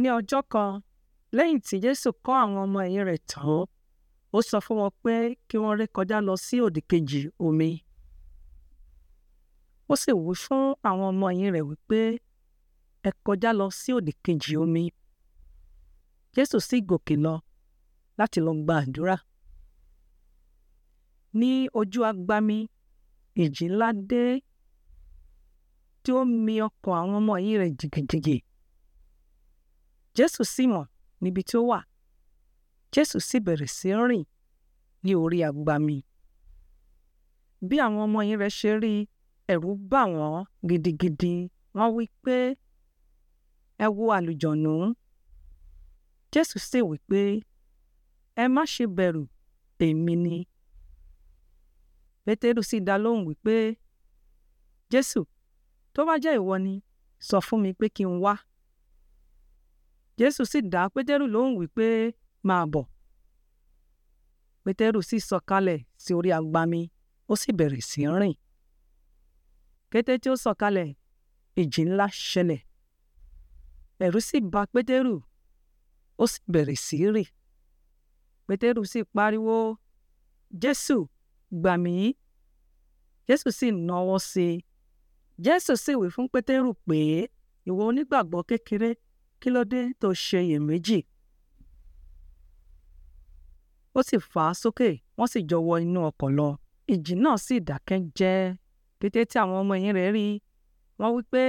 ní ọjọ́ kan lẹ́yìn tí jésù kọ́ àwọn ọmọ ẹ̀yìn rẹ̀ tán ó sọ fún wọn pé kí wọ́n ré kọjá lọ sí òdìkejì omi ó sì wí fún àwọn ọmọ ẹ̀yìn rẹ̀ wípé ẹ kọjá lọ sí òdìkejì omi jésù sì gòkè lọ láti lọ gba àdúrà ní ojú agbami ìjì ńlá dé tí ó mì ọkọ̀ àwọn ọmọ ẹ̀yìn rẹ̀ jìgìjìgì jésù sì mọ̀ níbi tí ó wà jésù sì bẹ̀rẹ̀ sí rìn ní orí agbami bí àwọn ọmọ yìí rẹ̀ ṣe rí ẹ̀rù bà wọ́n gidigidi wọ́n wí pé ẹ wo àlùjọ̀nù jésù sì wí pé ẹ má ṣe bẹ̀rù èmi ni pétérù sì dá lóhùn wípé jésù tó bá jẹ́ ìwọ ni sọ fún mi pé kí n wá jésù sì dá pétérù lóhùn wípé máa bọ̀ pétérù sì sọ̀kalẹ̀ sí orí agbami ó sì bẹ̀rẹ̀ sí rìn kété tí ó sọ̀kalẹ̀ ìjì ńlá ṣẹlẹ̀ ẹ̀rù sì bà pétérù ó sì bẹ̀rẹ̀ sí rì pétérù sì pariwo jésù gbà jésù sì náwó sí i jésù sì wí fún pétérù pé ìwọ onígbàgbọ́ kékeré kí ló dé tó ṣiyèméjì ó sì fà á sókè wọ́n sì jọ wọ inú ọkọ̀ lọ ìjì náà sì dákẹ́ jẹ́ kété tí àwọn ọmọ ẹ̀yìn rẹ̀ rí wọ́n wí pé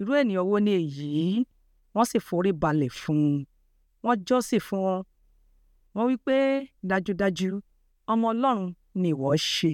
irú ènìyàn wo ni èyí wọ́n sì forí balẹ̀ fún un wọ́n jọ́sìn fún wọn wọ́n wí pé dájúdájú ọmọ ọlọ́run ni ìwọ ṣe.